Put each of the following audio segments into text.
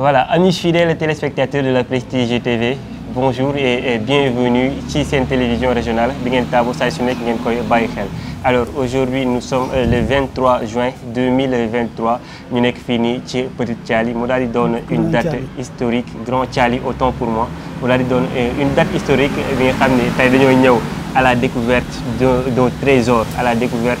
Voilà, amis fidèles téléspectateurs de la Prestige TV, bonjour et, bienvenue sur la télévision régionale. Alors aujourd'hui, nous sommes euh, le 23 juin 2023. Nous sommes fini chez Petit Tchali. Nous avons donne une date historique, Grand Tchali, autant pour moi. Nous avons donne une date historique à la découverte d'un trésor, à la découverte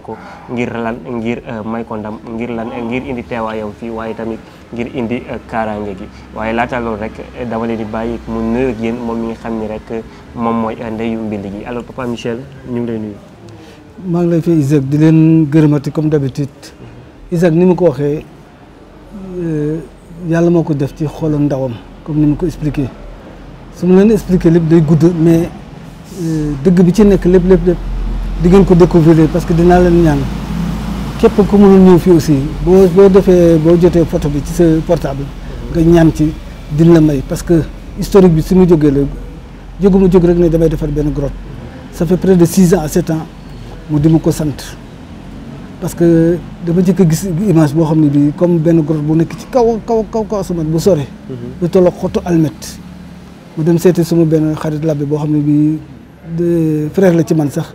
ko ngir lan ngir eh, may ko ndam ngir lan ngir indi teewaayam fii waaye tamit ngir indi eh, kaaraange gi waaye laata loolu rek eh, dama leen di bàyyi mu nuyu ak moom mi nga xam ni rek moom mooy ndeyu mbind gi alors papa Michel ñu ngi lay maa ngi lay fay di leen gërëmati comme d'habitude Isaac ni mu ko waxee yàlla moo ko def ci xolu ndawam comme ni mu ko expliqué su ma leen expliqué lépp day gudd mais dëgg bi ci nekk lépp lépp. di gën ko découvrir parce que dina leen ñaan képp ku mënu ñëw fii aussi bo boo defee boo jotee photo bi ci sa portable nga ñaan ci dina la may parce que historique bi su mu jógee la jóguma jóg rek ne damay defar benn grotte ça fait près de 6 ans à 7 ans mu di ma ko sant parce que dama jëkk gis image boo xam ne bii comme benn grotte bu nekk ci kaw kaw kaw kaw sama bu sore bu mhm. tolloog xotu almet mu dem seeti suma benn xarit labbi boo xam ne de frère la ci man sax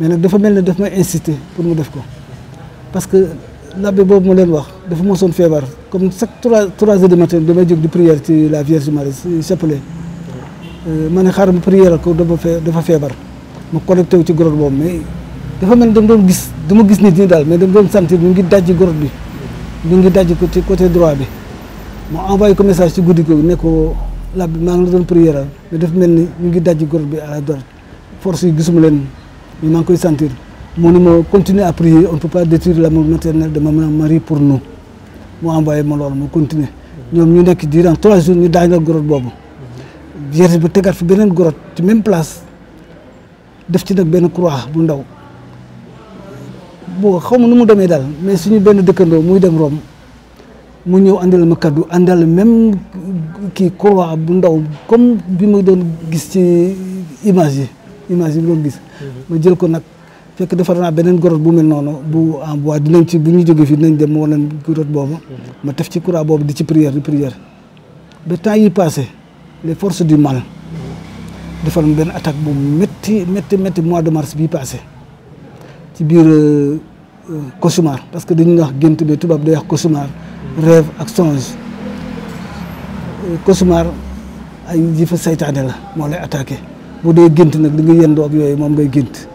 mais nag dafa mel ne daf may insister pour mu def ko parce que l'abbé boobu ma leen wax dafa mosoon feebar comme chaque trois trois heures du matin damay jóg la Vierge Marie ci chapelet euh, ma ne xaaral ma prière dafa feebar ma connecté wu ci gorot boobu mais dafa mel ne dama doon gis dama gis nit ñi daal mais dama doon sentir ñu ngi dajji gorot bi ñu ngi dajji ko ci côté droit bi ma envoyé ko message ci guddi googu ne ko l'abbé maa ngi la doon prière mais dafa mel ni mu ngi dajji gorot bi à la droite force yi gisuma leen. mais maa ngi koy sentir mënuma continuer à prier on ne peut pas détruire l'amour maternel de maman Marie pour nous mu envoyé ma loolu ma continuer ñoom ñu nekk durant trois jours ñu daajal gorot boobu vierge bi tegaat fi beneen gorot ci même place def ci nag benn croix bu ndaw bo xaw ma nu mu demee daal mais suñu benn dëkkandoo muy dem rom mu ñew andal ma kaddu andal même ki croix bu ndaw comme bima ma doon gis ci image yi image yi mu gis. ma jël ko nag fekk defar naa beneen grotte bu mel noonu bu en bois dinañ ci bu ñu jógee fii dinañ dem mu wane grotte boobu. ma tef ci courant boobu di ci prière di prière ba temps yi passé les force du mal. defar na benn attaque bu métti métti métti mois de mars bii passé ci biir euh, euh, cauchemar parce que dañu wax gént bi tubaab day wax cauchemar. rêve ak songe. Euh, cauchemar ay jifa saytaane la moo lay attaqué. bu dee nak di nga yëndoo ak yoy mom ngay gént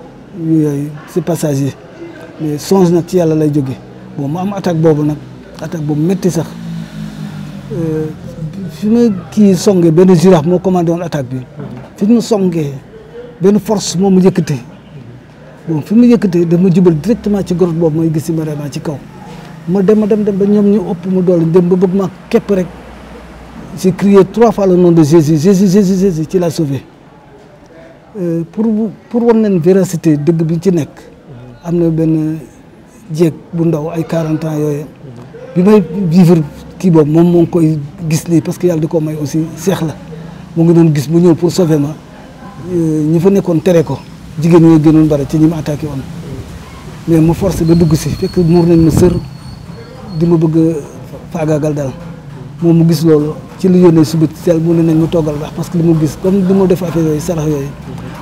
yoy ci passage yi mais songe nak ci yalla lay joggé bon mo am attaque bobu nak attaque bu metti sax fi ma ki songé ben girafe mo commandé won attaque bi fi ma songee benn force mo mu yëkëté bon fi ma yëkkatee daf jubal directement ci gorot bobu mooy gis ci ma ci kaw ma dem dem dem ba ñom ñu upp mu doole dem ba bëgg ma képp rek j'ai crié trois fois le nom de Jésus Jésus Jésus Jésus tu l'as sauvé Euh, pour pour wan leen véracité dëgg bi ci nekk am na benn jéeg bu ndaw ay quarante ans yooyu bi may vivre kii boobu moom moo ngi koy gis nii parce que yàlla di ko may aussi seex la mu ngi doon gis mu ñëw pour sauver ma euh, ñi fa nekkoon tere ko jigéen ñoo gënoon bari ci ñu ma attaqué woon mais ma forcé ba dugg si fekk muur nañ ma sër di ma bëgg faagaagal daal moom mu gis loolu ci li yónnee suba seel mu ne nañ mu toggal ndax parce que li mu gis comme li ma def a yooyu sarax yooyu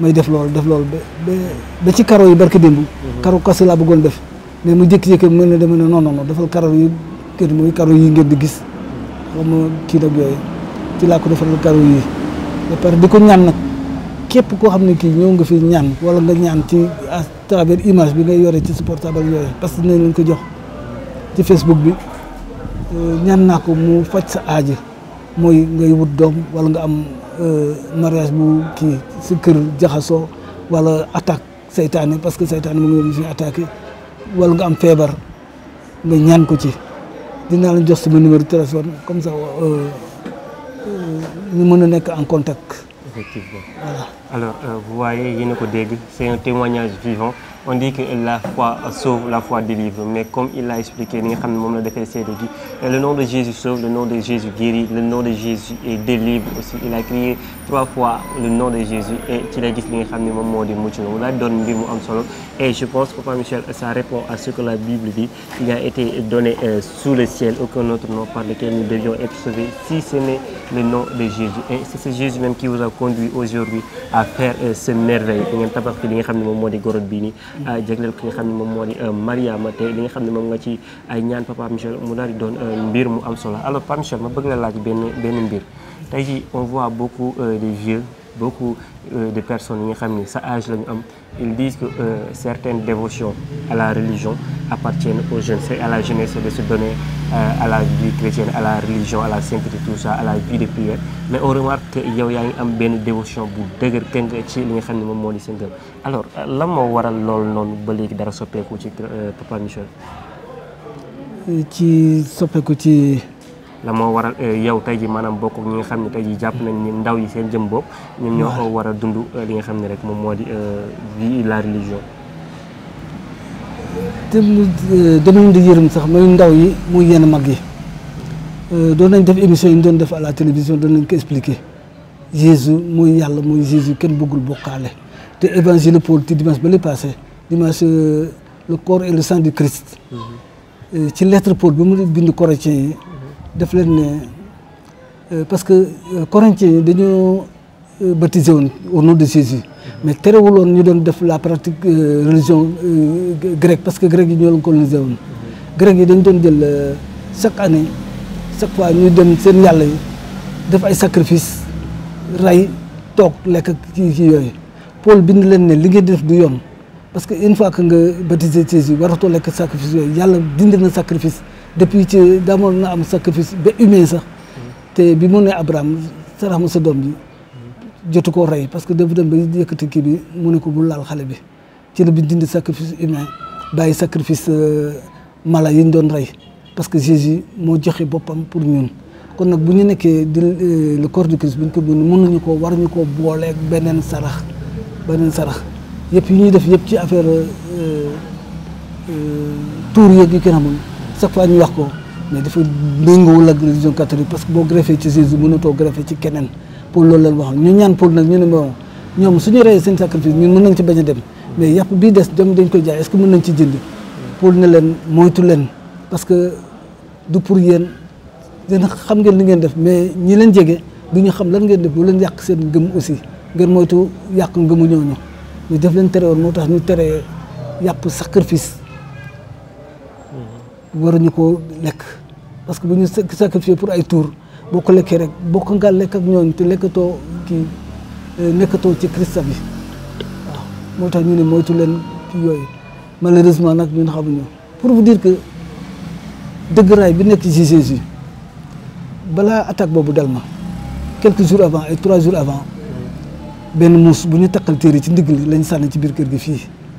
may def loolu def loolu ba ba ci karo yi barke démb. Mhm. karo kas laa bëggoon def mais mu jékki-jékki mu ne dama ne non non non defal karo yi kër muy karo yi ngeen di gis xam nga kii ci laa ko defal karo yi ba pare di ko ñaan nag képp koo xam ne kii ñëw nga fi ñaan wala nga ñaan ci à travers image bi ngay yore ci sa portable yooyu parce que dinañ leen ko jox ci Facebook bi euh, ñaan naa ko mu faj sa aaji mooy ngay wut doom wala nga am. Euh, mariage bu kii si kër jaxasoo wala attaque seytaane parce que seytaane mu ngi fi attaqué wala nga am feebar nga ñaan ko ci dinaa la jox sama numéro téléphone comme ça euh, ñu mën a nekk en contact. effectivement voilà. alors euh, vous voyez yéen a ko dégg c'est un témoignage vivant. on dit que la foi sauve, la foi délivre. Mais comme il a expliqué, le nom de Jésus sauve, le nom de Jésus guérit, le nom de Jésus est délivre aussi. Il a crié trois fois le nom de Jésus et il a dit Et je pense que Michel, ça répond à ce que la Bible dit. Il a été donné euh, sous le ciel aucun autre nom par lequel nous devions être sauvés, si ce n'est le nom de Jésus. Et c'est Jésus même qui vous a conduit aujourd'hui à faire euh, ce merveille. jagleel ki nga xam ne moom moo di euh, Mariama te li nga xam ne moom nga ci ay ñaan papa Michel mu daal di doon euh, mbir mu am solo alors papa Michel ma bëgg la laaj benn benn mbir tey jii on voit beaucoup euh, de vieux beaucoup euh, de personnes qui nga ils disent que euh, certaines dévotions à la religion appartiennent aux jeunes c'est à la jeunesse de se donner euh, à la vie chrétienne à la religion à la sainteté tout ça à la vie de prière mais on remarque qu'il y a une am dévotion pour dëgër këng ci li alors comment est-ce que vous ba dara Michel la moo war a euh, yow tey ji maanaam bokk ñi nga xam ne tey ji jàpp nañ ni ndaw yi seen jëm bopp ñoom ñoo war a dund euh, li nga xam ne rek moom moo di euh, la religion dama di yërëm sax mooy ndaw yi muy yenn mag yi doon nañ def émission yi ñu doon def à la télévision doon nañ ko expliquer Jésus mooy yàlla muy Jésus kenn bëggul bokkaale te évangile Paul ci dimanche ba le passé dimanche le corps et le sang du Christ mm-hmm. ci lettre Paul ba mu bind Corinthiens yi daf leen ne euh, parce que euh, Corinthiens yi dañoo euh, baptisé woon au nom de Jésus mais terewul woon ñu doon def la pratique religion grecque parce que grec yi ñoo leen colonisé woon grec yi dañ doon jël chaque année chaque fois ñu dem seen yàlla yi def ay sacrifice rey toog lekk kii kii yooyu Paul bind leen ne li ngeen def du yoon parce que une fois que nga baptisé Jésus waratoo lekk sacrifice yooyu yàlla dindi na sacrifice depuis ci daamoon na am sacrifice ba humé sax te bi mu ne Abraham sarax mu sa doom bi jotu koo rey parce que dafa dem ba yëkkati kii bi mu ne ko bu laal xale bi ci la bi dindi sacrifice humain bàyyi sacrifice euh, mala yi ñu doon rey parce que Jésus moo joxe boppam pour ñun kon nag bu ñu nekkee di euh, le corps du Christ bu ñu mun mën mënuñu ko war ñu ko booleeg beneen sarax beneen sarax yëpp yi ñuy def yëpp ci affaire euh, tour yeeg yu kenn chaque fois ñu wax ko mais dafa méngoowul ak religion catholique parce que boo greffé ci Jésus mënatoo greffé ci keneen pour loolu lañ wax ñu ñaan pour nag ñu ne ñom suñu réy seen sacrifice ñun mënañ ci bañ dem mais yapp bi dess dem dañ ko jaay est ce que mënañ ci jënd pour ne leen moytu len parce que du pour yéen dañ xam ngeen li ngeen def mais ñi leen jege duñu xam lan ngeen def bu leen yak seen gëm aussi ngeen moytu yak ngëmu ñooñu ñu def leen tere woon moo ñu téré yàpp sacrifice waruñu koo lekk parce que bu ñu sacrifié pour ay tour boo ko lekkee rek bokk nga lekk ak ñooñ te lekkatoo kii nekkatoo euh, ci Christa bi waaw moo tax ñu ne moytu leen ci yooyu malheureusement nag ñun xamuñu pour vous dire que dëgg-raay bi nekk ci Jésus balaa attaque boobu dal ma quelques jours avant ay trois jours avant benn muus bu ñu takkal téere ci ndigg li lañ sànni ci biir kër gi fii.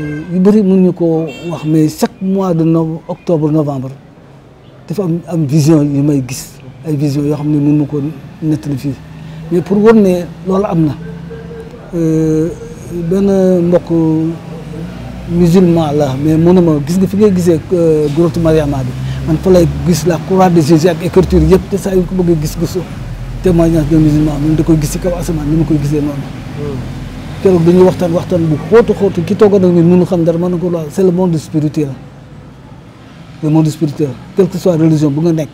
yu bëri mënuñu ko wax mais chaque mois de no octobre novembre dafa am am vision yu may gis ay vision yoo xam ne mën ma ko nettali fii mais pour war ne lool am na euh, benn mbokk musulman la mais mu ne ma gis nga fi ngay gisee euh, grotte Mariama bi man fa lay gis la croix de Jésus ak écriture yëpp te saa yu ko bëggee gis-gisu témoignage de musulman mun da koy gis si kaw asamaan ni ma koy gisee noonu hmm. keroog dañuy waxtaan waxtaan bu xóotu xóotu ki toogoon ak ñun mënu xam dara mën na ko lool c'est le monde spirituel le monde spirituel quelle que soit religion bu nga nekk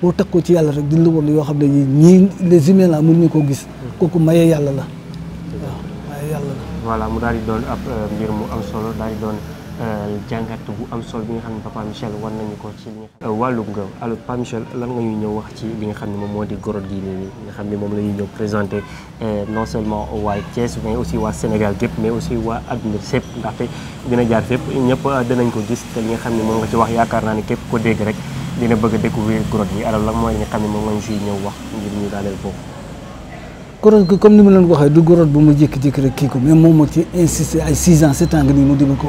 boo takkoo ci yàlla rek dina la woon yoo xam ne ñii les humains la mënuñu koo gis kooku maye yàlla la waaw yàlla la. voilà mu daal di doon ab euh, mbir mu am solo daal di Euh, jàngat bu am solo bi nga xam ne papa Michel war nañu ko ci li nga xam wàllum papa Michel lan nga ñu ñëw wax ci li nga xam ne moom moo di gorod gi nii nga xam ne moom la ñuy ñëw présenté euh, non seulement waa Thiès mais aussi waa Sénégal gépp mais aussi waa adduna sépp ndaxte dina jaar fépp ñëpp euh, dinañ ko gis te li nga xam ne moom nga ci wax yaakaar naa ne képp ko dégg rek dina bëgg a découvrir gorod yi alors lan mooy li nga xam ne moom lañ siy ñëw wax ngir ñu daaneel foofu gorod gi comme ni ma waxee du gorod bu mu jékki-jékki rek kii ko mais moom moo ci insisté ay 6 mu ko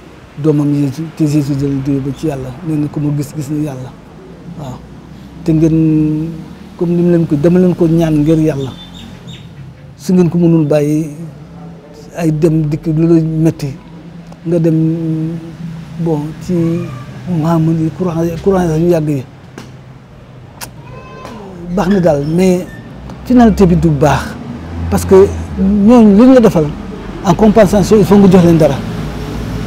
domam yi te jésus jël di ba ci yalla neen ko mo gis gis ni yalla wa te ngeen comme nim leen ko dama leen ko ñaan ngir yalla su ngeen ko mënul bayyi ay dem dik lu la metti nga dem bon ci maamul yi quran courant yu yag yi bax na dal mais finalité bi du bax parce que ñoo liñ la defal en compensation il faut nga jox leen dara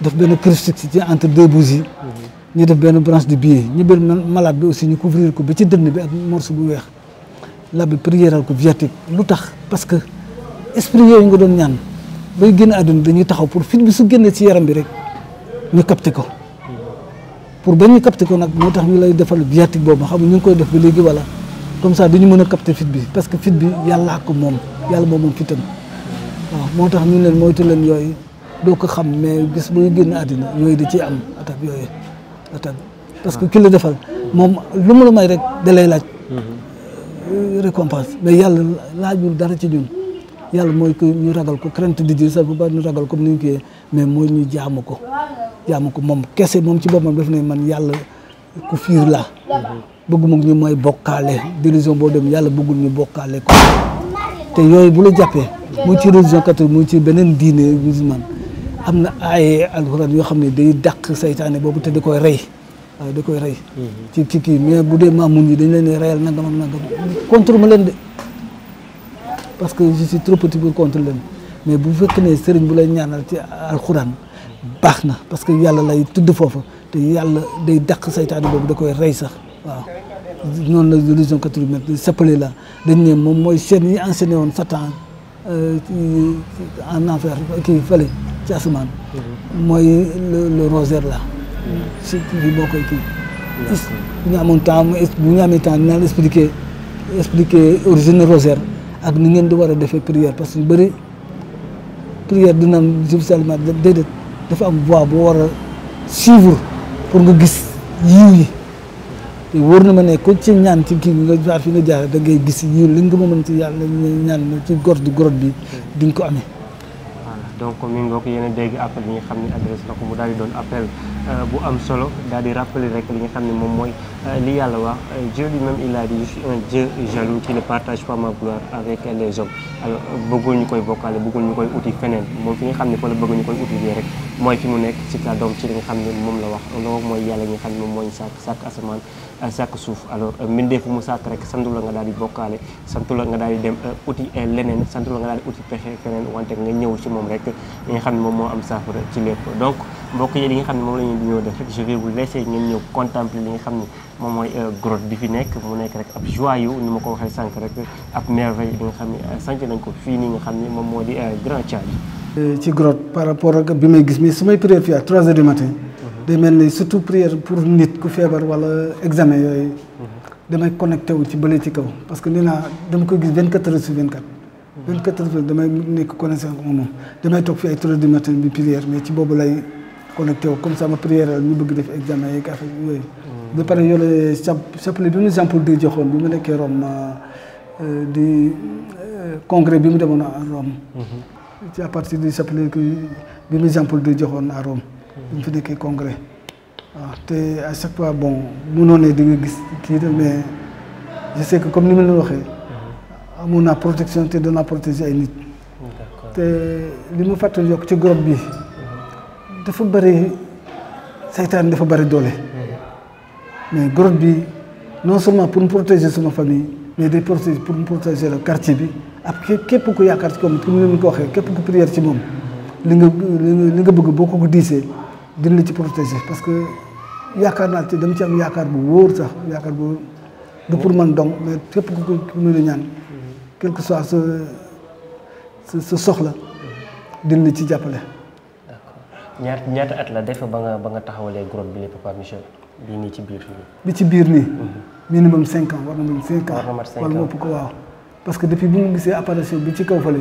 def une cricticité entre deux bougies Nous avons def une branche de biais ñu malade aussi couvrir ko prière ci dënn bi ak morceau viatique parce que esprit est nga il ñaan bay de Il pour fit bi su ci yaram bi capté pour capté viatique comme ça nous mën pas capté fit parce que fit bi est ko il yàlla moo moom fitam waaw ñu doo ko xam mais gis muy génn àddina yooyu di ci am attaque yooyu attaque parce que ki la defal moom lu mu la may rek da lay laaj mhm. récompense mais yàlla laajul dara ci ñun yàlla mooy que ñu ragal ko crainte di dir sax bu baax ñu ragal ko ni ñu koy mooy ñu jaamu ko jaamu ko moom kese moom ci boppam daf ne man yàlla ku fiir laa bëgguma ñu mooy bokkaale religion boo dem yàlla bëggul ñu bokkaale ko te yooyu bu la jàppee muy ci religion catholique muy ci beneen diine musulman am na ay alxuraan yoo xam ne day dàq saytaane boobu te da koy rey da koy rey mhm. ci ci kii mais bu dee maamun yi dañ leen di reyal nangam ak nangam contre ma leen de parce que je suis trop petit leen mais bu fekk ne seriñ bu lay ñaanal ci alxuraan baax na parce que yàlla lay tudd foofu te yàlla day dàq saytaane boobu da koy rey sax waaw noonu la religion catholique mètre s'appelé la dañ ne moom mooy seen yi enseigné woon Satan euh, en enfer kii fële ci asamaan mooy le rosaire là mm. si bi boo koy kii bu ñu amoon temps bu ñu amee temps dinaa expliquer expliquer origine rosaire ak ni ngeen di war a defee prière parce que bëri prière dina am jérusalem déedéet dafa am voie boo war a suivre pour nga gis yiw yi te wóor na ma ne ko ci ñaan ci kii nga jaar fi nga jaar da ngay gis yiw li nga ma mën ci yàlla ñaan ci gorte gorte bi mm. di nga ko amee donc mi ngoog yéen a dégg appel bi nga xam ne adresse na ko mu daal Eh, bu am solo dal di rappeler rek li nga xam ne moom mooy eh, li yàlla wax eh, Dieu lui-même il a dit je suis jaloux qui ne partage pas ma gloire avec les hommes alors bëggul ñu koy bokkaale bëggul ñu koy uti feneen moom fi nga xam ne fa la bëgg ñu koy uti bi rek mooy fi mu nekk ci kàddoom ci li nga xam ne moom la wax loolu mooy yàlla ñi nga moom mooy sàkk sàkk asamaan sàkk suuf alors mbindeef mu sàkk rek santu nga daal di bokkaale santu la nga daal di dem uti leneen santu la nga daal di uti pexe feneen wante nga ñëw ci moom rek li nga xam ne moom moo am saafara ci lépp donc mbokk yi li nga xam ne moom la ñuy ñëw def rek je vais vous laisser ñëw contempler li nga xam ne moom mooy euh, grotte bi fi nekk mu nekk rek ab joyau ni ma ko waxee sànq rek ab merveille bi nga xam ne euh, sànq nañ ko fii nii nga xam ne moom moo di euh, Grand Thiady par rapport bi may gis mais su may prière fii à 3 heures du matin mhm. day mel ni surtout prière pour nit ku feebar wala examen yooyu mhm. damay ci bële ci kaw parce que nee naa dama koy gis 24 heures sur 24 24 mhm. heures damay nekk connexion moom damay toog fii ay 3 heures matin bi prière mais ci boobu lay connecté wu comme ça ma prière ñu bëgg def examen yeeg affaire yooyu. ba pare yore chapelet bi mu exemple de joxoon bi mu nekkee Rome euh, di euh, congrès bi mu demoon à Rome. Mhm. ci à partir du chapelet bi mu exemple de joxoon à Rome. Mhm. bi mu fi nekkee congrès waaw ah, te à chaque fois bon munoon noné di nga gis kii mais je sais que comme ni ma waxé waxee. Mhm. amoon naa protection te danaa protéger ay nit. te li mu fàttali yok ci groupe bi. dafa bëri saytaan dafa bëri doole mais grotte bi non seulement pour protéger suma famille mais day protéger pour protéger la quartier bi ak képp ku yaakaar ci comme comme ni mu ko waxee képp ku prière ci moom li nga li nga bëgg boo ko diisee dina la ci protéger parce que yaakaar naa ci dama ci am yaakaar bu wóor sax yaakaar bu du pour man dong mais képp ku ku ñu la ñaan quel que soit sa sa soxla dina la ci jàppale. ñaar ñaata at la def ba nga ba nga taxawale groupe bi lépp quoi monsieur bi ni ci biir fii. bi ci biir ni mhm. minimum 5 ans war na mën cinq ans. war na mat ans wala ko waaw. parce que depuis bu mu gisee apparition bi ci kaw fele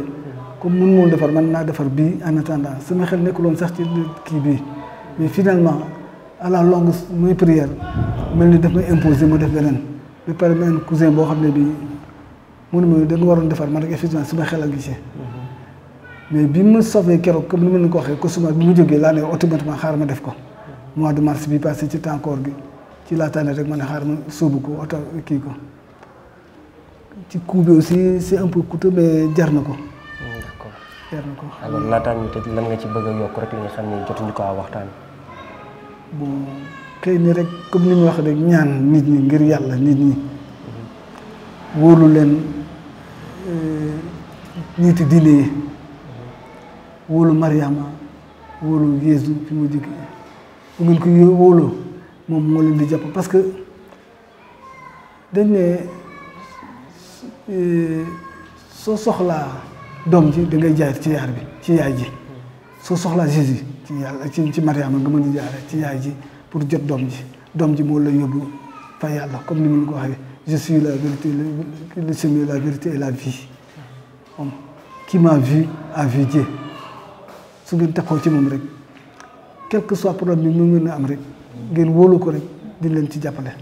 ko mhm. mën mo defar man na defar bi en attendant sama xel nekul won sax ci ki bi mais finalement à la longue muy prière melni ni daf imposer mo def benen bi pare même cousin bo xamné bi mënu mënuma dañ waron defar man rek effectivement sama xel ak ngi mais bi ma sauvé keroog comme ni ma leen ko waxee Kosuma bi mu jógee laa ne automatiquement xaaral ma def ko mois de mars bi passé ci temps koor gi ci laataane rek ma ne xaaral ma sóobu ko oto kii ko ci coup bi aussi c'est na ko. d'accord jar ko. alors laataan lan nga ci bëgg a yokk rek li nga xam ne jotuñu ko waxtaan. bon ni rek comme ni mu wax rek ñaan nit ñi ngir yàlla nit ñi mhm. wóolu leen ñiiti euh, diine yi. wóolu Mariama wóolu Yeesu fi mu jóge bu ngeen ko yo wóoloo mom mo leen di japp parce que dañ ne euh, so soxla dom ji da ngay jaar ci yar bi ci yaay ji so soxla Jésus ci yàlla ci ci Mariama nga mën di ci yaay ji pour jot dom ji dom ji mo la yóbbu fa Yalla comme ni mu ko waxee je suis la vérité le chemin la vérité et la vie qui m'a vu a vu Dieu su ngeen taxaw ci moom rek quel que soit problème bi mu ngeen a am rek ngeen wóolu ko rek di leen ci jàppale.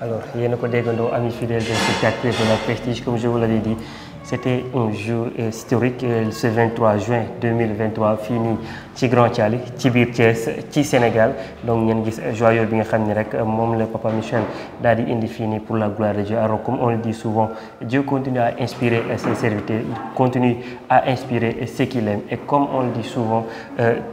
alors yéen a ko déggandoo amis fidèles des spectateurs de la prestige comme je vous l'avais dit. C'était un jour historique, ce 23 juin 2023 fini Tigran Chali, Grand Tchali, au Sénégal donc nous gis joyeux bi nga que rek Papa Michel a dit indi pour la gloire de Dieu alors comme on le dit souvent Dieu continue à inspirer ses serviteurs il continue à inspirer ceux qu'il aime et comme on le dit souvent euh,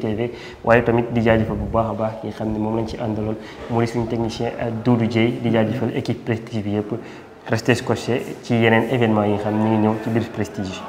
TV waaye tamit di jaajëfal bu baax a baax ki xam ne moom lañ ci àndaloon moo di suñu technicien euh, Doudou Dieye di jaajëfal équipe Prestige bi yëpp resté scotché ci yeneen événement yi xam ne ñu ngi ñëw ci biir Prestige.